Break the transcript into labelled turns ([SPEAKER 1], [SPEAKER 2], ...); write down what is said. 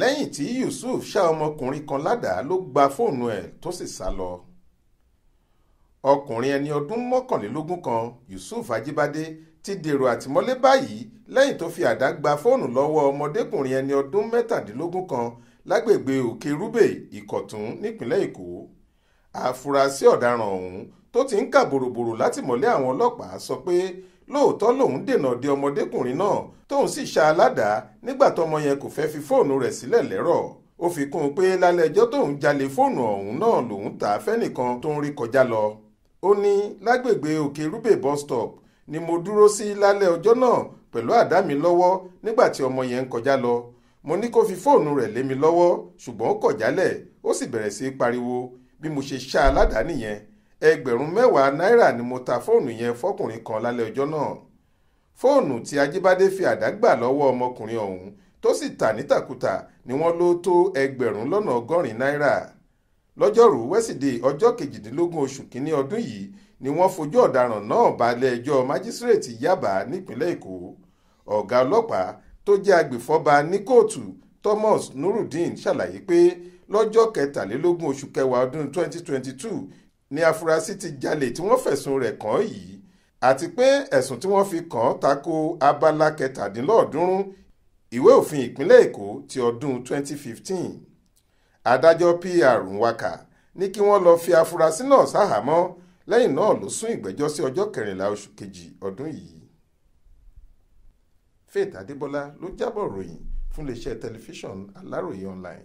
[SPEAKER 1] lẹ́yìn tí Yusuf ṣá ọmọkùnrin kan ládàá ló gba fóònù ẹ̀ tó sì sá lọ ọkùnrin ẹni ọdún mọ́kànlélógún kan Yusuf Ajíbádé ti dèrò àtìmọ́lé báyìí lẹ́yìn tó fi àdá gba fóònù lọ́wọ́ ọmọdékùnrin ẹni ọdún mẹ́tàdínlógún kan lágbègbè òkè rúbè ìkọ̀tún nípínlẹ̀ èkó àfúrásì ọ̀daràn ọ̀hún tó ti ń kà bòròbòrò látìmọ́lé àwọn ọlọ́pàá sọ pé lóòótọ́ lòun dènà de ọmọdékùnrin náà tóun sì ṣá aládàá nígbà tọmọ yẹn kò fẹ́ fi fóònù rẹ̀ sílẹ̀ lẹ́rọ̀ ó fi kún un pé lálẹ́ ẹjọ́ tóun jalè fóònù ọ̀hún náà lòun tà á fẹ́nìkan tó ń rí kọjá lọ ó ní lágbègbè òkè rúbè bus stop ni mo dúró sí lálẹ́ ọjọ́ náà pẹ̀lú àdá mi lọ́wọ́ nígbà tí ọmọ yẹn ń kọjá lọ mo ní kó fi fóònù rẹ̀ lé mi lọ́wọ́ ṣùgbọ́n ó kọ̀ jálẹ̀ ó sì bẹ̀rẹ̀ sí í pariwo bí mo ṣe ṣá aládàá nìyẹn ẹgbẹ̀rún mẹ́wàá náírà ni mo ta fóònù yẹn fọkùnrin kan lálẹ́ ọjọ́ náà fóònù tí ajíbádé fi àdá gbà lọ́wọ́ ọmọkùnrin ọ̀hún tó sì tà nítakùtà ni wọ́n ló tó ẹgbẹ̀rún lọ́nà ọgọ́rin náírà lọ́jọ́rùú wẹ́sídẹ̀ẹ́ ọjọ́ kejìdínlógún oṣù kínní ọdún yìí ni wọ́n fojú ọ̀daràn náà balẹ̀ ẹjọ́ májísírèètì yábà nípínlẹ̀ èkó ọ̀gá ọlọ́pàá tó jẹ́ agbèfọ́ba ní kóòtù thomas nurudeen ṣàlàyé pé lọ́jọ́ kẹtàlélógún oṣù kẹwàá ọdún 2022 ni afurasí ti jalè tí wọ́n fẹ̀sùn rẹ̀ kàn yìí àti pé ẹ̀sùn tí wọ́n fi kàn tako abala kẹtàdínlọ́ọ̀ọ́dúnrún ìwé òfin ìpínlẹ̀ èkó ti ọdún 2015 adájọ́ pr nwaka ní kí wọ́n lọ́ọ́ fi afurasí náà ṣahámọ́ lẹ́yìn náà ló sún ìgbẹ́jọ́ sí ọjọ́ kẹrìnlá oṣù kejì ọdún yìí faith adébọlá ló jábọ̀ ròyìn fún iléeṣẹ́ tẹlifíṣàn aláròye online